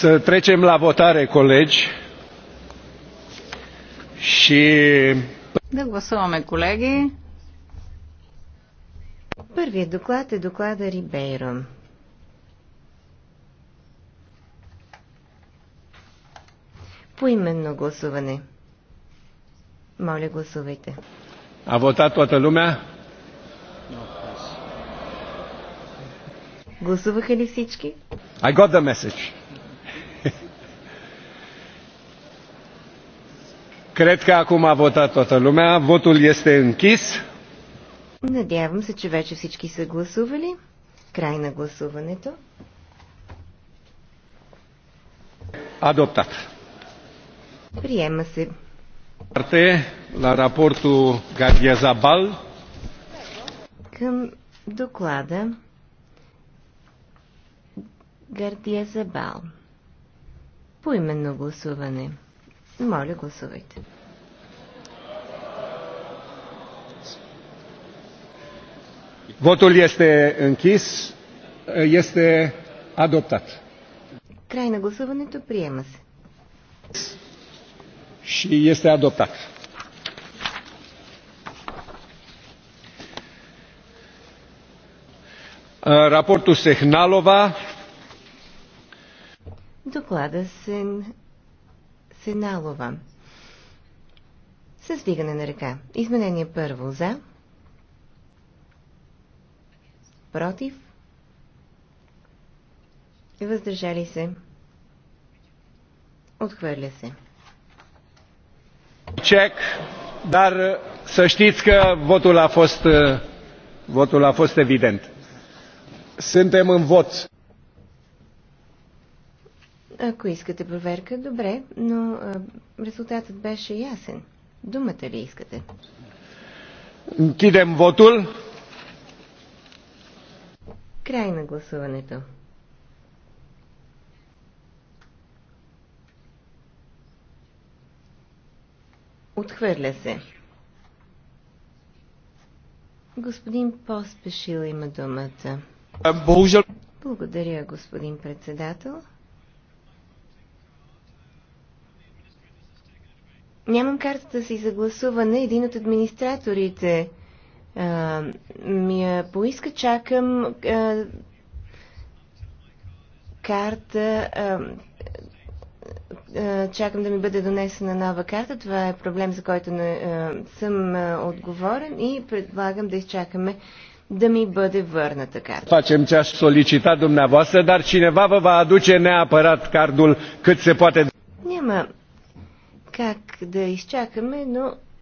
Să trecem la votare, colegi. Și... Да гласуваме, колеги. Първият доклад е доклада Рибейро. Поименно гласуване. Моля, гласувайте. А votat toată lumea? Гласуваха ли всички? I got the message. Cred că acum a votat toată lumea. Votul este închis. Надявам се, че вече всички са гласували. Край на гласуването. Adoptat. Приема се. Parte la raportul Gardia Zabal. Към доклада Гардия Забал. Поименно гласуване. Моля, гласувайте. Votul este închis. Este adoptat. Край на гласуването приема се. Și este adoptat. Raportul Sehnalova. Доклада Сен Сеналова. Със вдигане на ръка. Изменение първо за. Против. Въздържали се. Отхвърля се. Чек, дар să știți că votul a fost, votul е, a fost evident. Suntem în vot. Ако искате проверка, добре, но резултатът беше ясен. Думата ли искате? Кидем вотул. Край на гласуването. Отхвърля се. Господин Поспешил има думата. Е, Благодаря, господин председател. Нямам картата си за гласуване. Един от администраторите а, ми я поиска. Чакам а, карта. А, а, чакам да ми бъде донесена нова карта. Това е проблем, за който не, а, съм а, отговорен и предлагам да изчакаме да ми бъде върната карта. Facem ce aș solicita dumneavoastră, dar cineva vă va aduce neapărat cardul cât se poate. Няма как да изчакаме, но